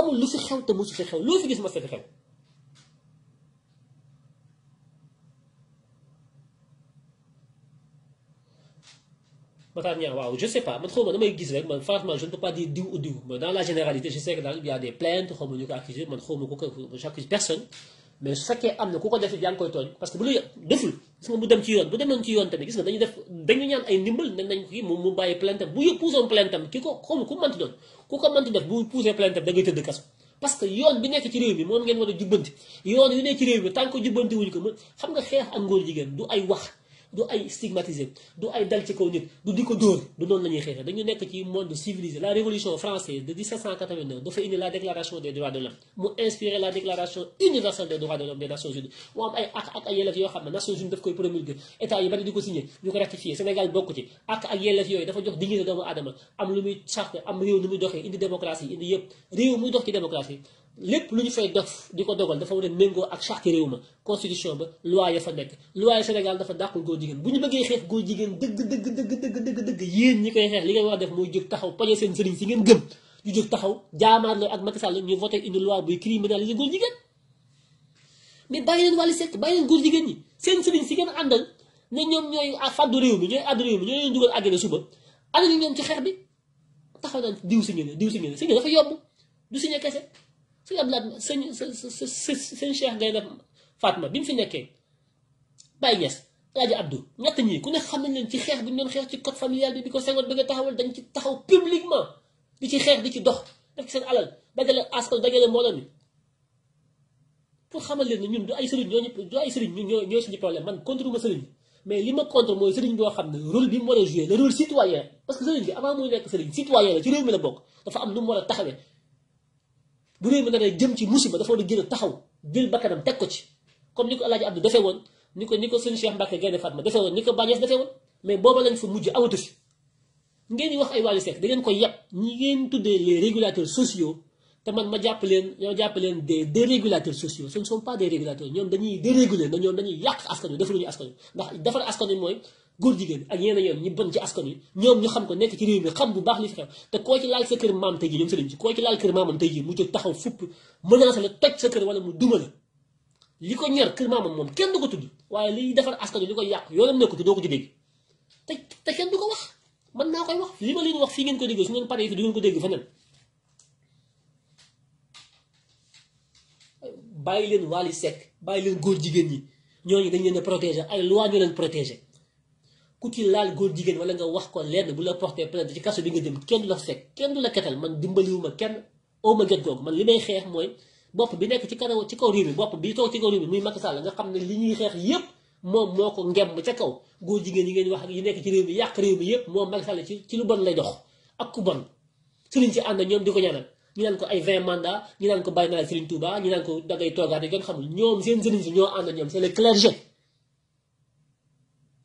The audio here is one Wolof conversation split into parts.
amul lu fi xew te mosu fi xew loo fi gis mos a fi xew Matar Niang waaw je sais pas man xaw ma damay gis rek man franchement je ne peux pas dire diw ou diw mais dans la généralité je sais que daal il y a des plaintes xaw ma ñu ko accuser man xaw ma ko j'accuse personne mais su fekkee am na ku ko def yaa ngi koy tooñ parce que bu lu deful gis nga mu dem ci yoon bu demoon ci yoon tamit gis nga dañu ñaan ay ndimbal ne nañ ko kii mu bàyyi plainte bu yë puusoon plainte ki ko xawma ku manti doon ku ko manti def bu puusee plainte am tëdd kaso parce yoon bi nekk ci réew mi moom ngeen war a jubbanti yoon yu nekk ci réew mi tant que jubbanti ko xam nga xeex ak ngóor jigéen du ay wax do ay stigmatisé do ay dal ci kaw nit du diko ko dóor du noonu la dañu nek ci monde civilisé la révolution française de 1789 fa indi la déclaration des droits de l'homme mu inspiré la déclaration universelle des droits de l'homme des nations unies On am ay ak ak yelef yo yoo nations unies daf koy promulguer état yi bari diko signer signé ratifier ratifié Sénégal bokku ci ak ak yelef yooyu dafa jox dignité doomu aadama am lu muy charte am rew muy doxee indi démocratie indi yépp rew muy dox ci démocratie lépp lu ñu fay def di ko dogal dafa war a méngoo ak charte réew ma constitution ba loi ya fa nekk loi ya Sénégal dafa dàqul góor jigéen bu ñu bëggee xeex góor jigéen dëgg dëgg dëgg dëgg dëgg dëgg yéen ñi koy xeex li ngeen war a def mooy jóg taxaw pañe seen sëriñ si ngeen gëm ñu jóg taxaw jaamaarloo ak Macky Sall ñu voté une loi buy criminaliser góor jigéen mais bàyyi leen Wally Seck bàyyi leen góor jigéen ñi seen sëriñ si ngeen àndal ne ñoom ñooy fàddu réew mi ñooy àddu réew mi ñooy leen dugal àggale suba ànd ñu ñoom ci xeex bi taxaw naan diw si ngeen diw si ngeen si ngeen dafa yomb du signé kese sëñ Abdoulaye sëñ sëñ Cheikh ngay def Fatma bi mu fi nekkee Baye Niass Alaaji Abdou ñett ñii ku ne xam nañ leen ci xeex bi ñu doon xeex ci code familial bi bi ko Senghor bëgg a taxawal dañ ci taxaw publiquement di ci xeex di ci dox def ci seen alal dajale askan dajale mbooloo mi pour xamal leen ñun du ay sëriñ ñoo ñooñu du ay sëriñ ñoo ñoo suñu problème man contre ma sëriñ mais li ma contre mooy sëriñ boo xam ne rôle bi mu war a joué le rôle citoyen parce que sëriñ bi avant muy nekk sëriñ citoyen la ci réew mi la bokk dafa am lu mu war a taxawee bu réew mi nga dee jëm ci musiba dafa war a gën a taxaw bil bakkanam teg ko ci comme ni ko El Hadj Abdou defee woon ni ko ni ko sëñ Cheikh Mbacke Gaynde Fatma defee woon ni ko Bañes defee woon mais booba lañ fa mujj awatu fi ngeen di wax ay Wally Seck da ngeen koy yàpp ñi ngeen tuddee les régulateurs sociaux te man ma jàpp leen ñoo jàpp leen de dérégulateurs sociaux ce ne sont pas des régulateurs ñoom dañuy déréguler na ñoom dañuy yàq askan wi defaruñu askan wi ndax defar askan mooy góor jigéen ak yeneen yoon ñu bon ci askan yi ñoom ñu xam ko nekk ci réew mi xam bu baax li fi xew te koo ci laal sa kër maam tey jii ñoom sëriñ si koo ci laal kër maamam tey jii mu jóg taxaw fupp menacé sa kër wala mu dumale li ko ñor kër maamam moom kenn du ko tudd waaye liy defar askan yi li koy yàq yoonam nekku te doo ko ci dégg te te kenn ko wax mën naa koy wax li ma leen wax fii ngeen ko déggee su ngeen paree fi du ngeen ko dégg feneen bàyyi leen Wally Seck bàyyi leen góor jigéen ñi ñooñu dañ leen a protéger ay loi ñu leen protéger ku ci laal góor jigéen wala nga wax ko lenn bu la porté plainte ci kaso bi nga jëm kenn du la fekk kenn du la ketal man dimbaliwuma kenn oo ma gët man li may xeex ci kaw ci kaw réew bi toog ci kaw réew mi muy Macky Sall nga xam ne li ñuy xeex yépp moom moo ko ngem ca kaw góor jigéen yi ngeen wax ak yi nekk ci réew mi yàq réew mi yépp moom Macky Sall ci lu bon lay dox ak ku bon sëriñ si ànd ñoom di ko ñaanal ñu naan ko ay 20 mandat ñu naan ko bàyyi naa la Sëriñ Touba ñu ko dangay toogaat yi kenn xamul ñoom seen sëriñ si ñoo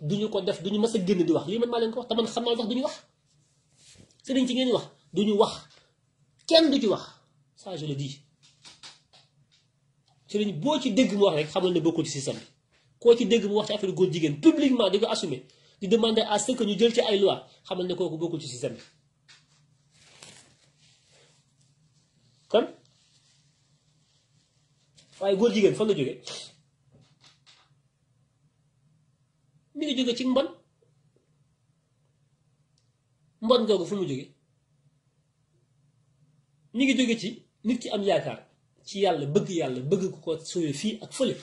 duñu ko def duñu mas a génn di wax lii man maa leen ko wax te man xam naa sax duñu wax sëriñ ci ngeen di wax duñu wax kenn du ci wax ça je le dis sëriñ boo ci dégg mu wax rek xamal ne bokkul ci système bi koo ci dégg mu wax ci affaire góor jigéen publiquement di ko assumer di demander à ce ñu jël ci ay loi xamal ne kooku bokkul ci système bi kon waaye góor jigéen fan la jógee mi ngi jóge ci mbon mbon ko fu mu jóge mi ngi jóge ci nit ki am yaakaar ci yàlla bëgg yàlla bëgg ku ko sóoyee fii ak fële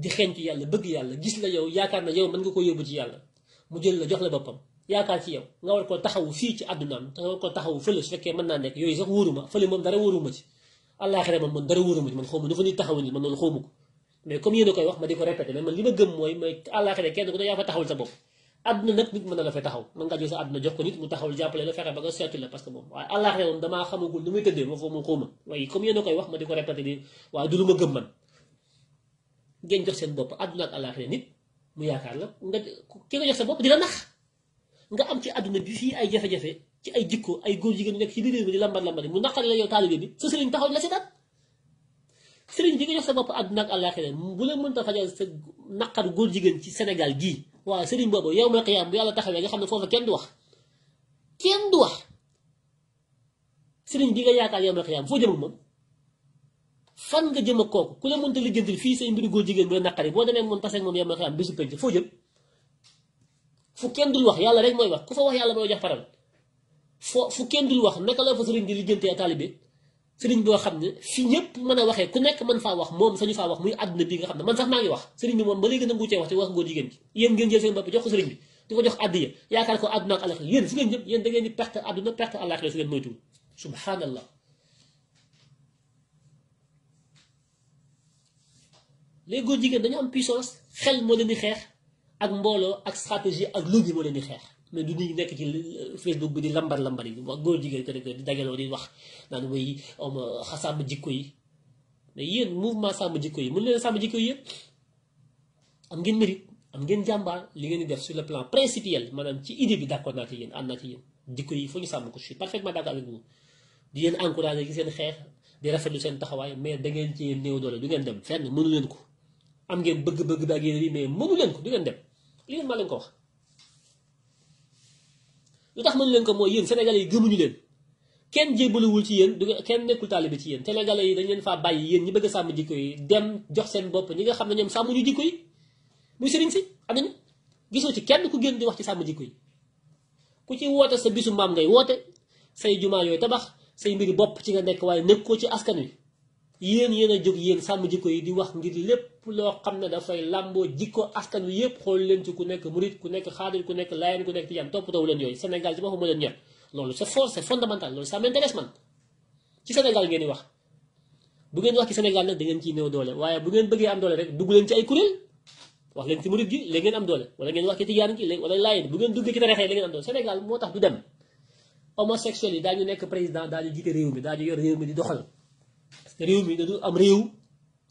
di xeeñtu yàlla bëgg yàlla gis la yow yaakaar na yow mën nga ko yóbbu ci yàlla mu jël la jox la boppam yaakaar ci yow nga war koo taxawu fii ci àddunaam nga war koo taxawu fële su fekkee mën naa nekk yooyu sax wóoruma fële moom dara wóoruma ci àllaaxira moom man dara wóoruma ci man xawma dafa nit taxawu nit man loolu ko mais comme yéen koy wax ma di ko répété mais man li ma gëm mooy mooy àllaaxira kenn ku ne yaa fa taxawul sa bopp àdduna nag nit mën na la fa taxaw mën ngaa jël sa àdduna nga a koy jox seen bopp àdduna ak àllaaxira nit mu yaakaar la nga ki nga jox sa bopp di nax nga am ci àdduna bi fii ay jafe-jafe ci ay jikko ay góor jigéen nekk ci biir réew mi di lambar lambar mu naqari la yow taalibe bi sa sëriñ taxaw la si sëriñ bi nga jox sa bopp àdduna ak àllaaxira bu la mënta fajal sa naqar góor jigéen ci Sénégal gii waaw sëriñ boobu yow ma xiyaam bu yàlla taxawee nga xam ne foofa kenn du wax kenn du wax sëriñ bi nga yaakaar yow ma xiyaam foo jëm ak moom nga jëm ak kooku ku la mënta liggéeyal fii say mbiru góor jigéen bu la naqari boo demee moom tase ak moom yow ma xiyaam bisu penc foo jëm fu kenn dul wax yàlla rek mooy wax ku fa wax yàlla mooy jox parole foo fu kenn dul wax naka la fa sëriñ di liggéeyanteel taalibe sëriñ boo xam ne fi ñëpp mën a waxee ku nekk mën faa wax moom sañu faa wax muy àdduna bi nga xam ne man sax maa ngi wax sëriñ bi moom ba léegi nangu cee wax te wax ngoo jigéen gi yéen ngeen jël seen bopp jox ko sëriñ bi di ko jox àddiya yaakaar ko àdduna ak alaxira yéen su ngeen moytuwul subhanallah léegi góor jigéen dañu am puissance xel moo leen di xeex ak mbooloo ak stratégie ak lobby moo leen di xeex mais du nit nek ci euh, facebook bi di lambar lambar yi wax góor jigeen kër kër di dagelo di wax nan way am xassam jikko yi mais yeen mouvement sam jikko yi mën leen sàmm jikko yi am ngeen mérite am ngeen jàmbaar li ngeen di def sur le plan principiel manam ci idée bi d'accord na ci yeen ànd na ci yeen jikko yi fuñu sam ko ci parfaitement d'accord avec vous di yeen encourager ci seen xex di rafetlu seen taxaway mais da ngeen ci neew doole du ngeen dem fenn mënu leen ko am ngeen bëgg-bëgg da ngeen ri mais mënu leen ko du ngeen dem li ngeen ma leen ko wax lu tax mën leen ko mooy yéen sénégalais yi gëmuñu leen kenn jébbaluwul ci yéen du kenn nekkul bi ci yéen sénégalais yi dañ leen faa bàyyi yéen ñi bëgg a sàmm jikko yi dem jox seen bopp ñi nga xam ne ñoom sàmmuñu jikko yi muy sëriñ si am nañu gisoo ci kenn ku génn di wax ci sàmm jikko yi ku ci woote sa bisu maam ngay woote say jumaa yooyu tabax say mbiri bopp ci nga nekk waaye nekkoo ci askan wi yéen yéen a jóg yéen sàmm jikko yi di wax ngir lépp lo xamne da fay lambo jikko askan wi yep xol len ci ku nek mourid ku nek khadir ku nek layen ku nek tiyan top toppatoo len yoy senegal ci boppam mo len ñor lolu c'est force c'est fondamental lolu ça m'intéresse man ci senegal ngeen di wax bu ngeen wax ci senegal nak da ngeen ci néew doole waye bu ngeen bëgge am doole rek dugg len ci ay kurel wax len ci mourid gi le ngeen am doole wala ngeen wax ci tiyan gi le wala layen bu ngeen duggee ci tarixa le ngeen am doole senegal motax du dem homosexuel yi dañu nek président dañu jité rew mi dañu yor rew mi di doxal parce que réew mi da du am rew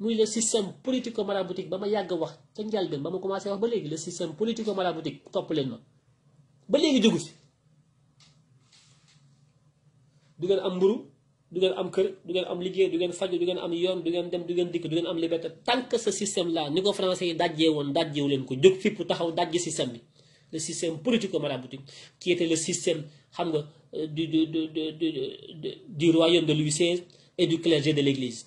muy le système politico maraboutique bama ma wax ca njëlbéen ba ma commencé wax ba légui le système politico maraboutique top leen ma ba légui djogu ci du ngeen am mburu du ngeen am kër du ngeen am liggéey du ngeen faju du ngeen am yoon du ngeen dem du ngeen dikk du ngeen am liberté tant que ce système là ni ko français yi dajjee woon dajjewu leen ko jóg fipp taxaw dajj système bi le système politico maraboutique qui était le système xam nga euh, du du du du du royaume de Louis XVI et du clergé de l'église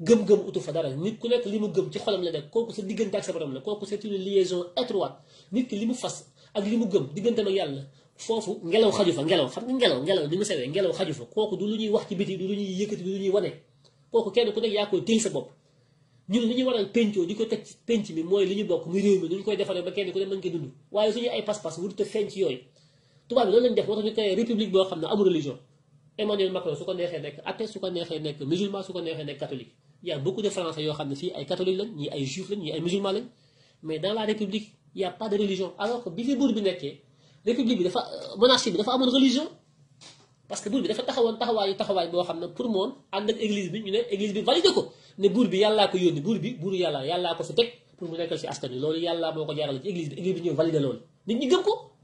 gëm-gëm utu fa dara nit ku nekk li mu gëm ci xolam la nekk kooku sa diggante ak sa borom la kooku c'est une liaison étroite nit ki li mu fas ak li mu gëm digganteem ak yàlla foofu ngelaw xaju fa ngelaw xam nga ngelaw ngelaw ni mu sewee ngelaw xaju fa kooku du lu ñuy wax ci biti du lu ñuy yëkkati du lu ñuy wane kooku kenn ku nekk yaa koy téye sa bopp ñun li ñu waral pencoo di ko teg ci penc mi mooy li ñu bokk mu réew mi nu ñu koy defaree ba kenn ku ne mën ko dund waaye suñu ay pas-pas wurute feeñ ci yooyu tubaab bi loolu lañ def moo ñu koy république boo xam ne amul religion Emmanuel Macron su ko neexee nekk athée su ko neexee nekk musulman su ko neexee nekk catholique y a beaucoup de Français yoo xam ne fii ay catholiques lañ ñii ay juifs lañ ñii ay musulmans lañ mais dans la république il y a pas de religion alors que bi fi buur bi nekkee république bi dafa euh, monarchie bi dafa amoon religion. parce que buur bi dafa taxawoon taxawaayu taxawaay boo xam ne pour moom ànd ak église bi ñu ne église bi validé ko ne buur bi yàllaa ko yónni buur bi buuru yàlla yàllaa ko fi teg pour mu nekkal ci askan wi loolu yàllaa moo ko jaarale ci église bi église bi ñëw validé loolu nit ñi gëm ko.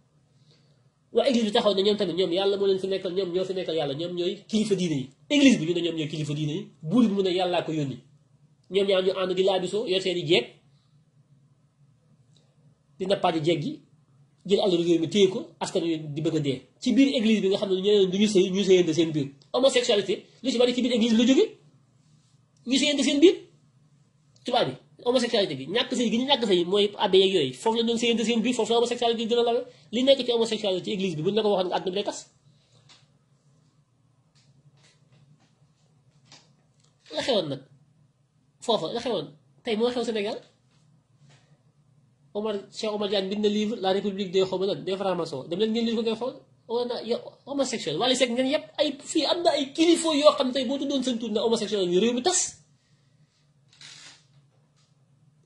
waa église bi taxaw ne ñoom tamit ñoom yàlla moo leen fi nekkal ñoom ñoo fi nekkal yàlla ñoom ñooy kilifa diine yi église bi ñu ne ñoom ñooy kilifa diine yi buur bi mu ne yàllaa ko yónni ñoom ñaar ñu ànd di laabisoo yor seen i jeeg di nappaati jeeg gi jël àll réew mi téye ko askan wi di bëgg a dee ci biir église bi nga xam ne ñeneen du ñu sëy ñu sëyante seen biir homosexualité lu ci bari ci biir église la jóge ñu sëyante seen biir tubaab bi homosexualité bi ñàkk sëy gi mooy abbé yeeg yooyu foofu la doon séyante seen biir foofu la homosexualité gën a lawe li nekk ci homosexualité ci église bi buñ la ko waxoon nga àdduna bi day tas la xewoon nag foofa la xewoon tey moo xew Sénégal Omar Cheikh Omar Diagne bind na livre la république des xaw ma lan des francs-maçons ngeen lire oh, a yo homosexuel wala seeg ngeen yëpp ay fii am na ay kilifa yoo xam tey boo tuddoon seen tur na homosexuel yi réew mi tas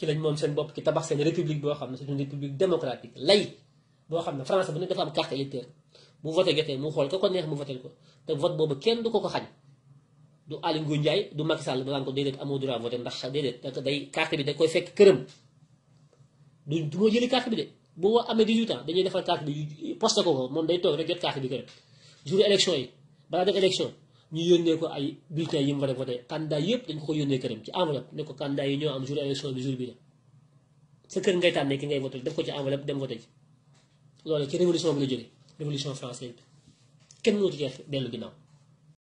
ci lañ moom seen bopp ci tabax seen république boo xam ne c'est une république démocratique lay boo xam ne France bu nekk dafa am carte électeur bu voté jotee mu xool ko ko neex mu votel ko te vote boobu kenn du ko ko xañ du Aly Ngouille Ndiaye du Macky Sall danaan ko déedéet amoo droit voté ndax déedéet da day carte bi da koy fekk këram du du ma jëli carte bi de bu amee 18 ans dañuy defal carte bi poste ko ko moom day toog rek jot carte bi këram jour élection yi balaa def ñu yónnee ko ay bulletins yi mu war a voté candidat yëpp dañ ko yónnee këram ci enveloppe ne ko candidat yi ñoo am jour élection bi jour bi la sa kër ngay tànnee ki ngay voté def ko ci enveloppe dem voté ji loolu ci révolution bi la jógee révolution française bi kenn mënatu ci dellu ginnaaw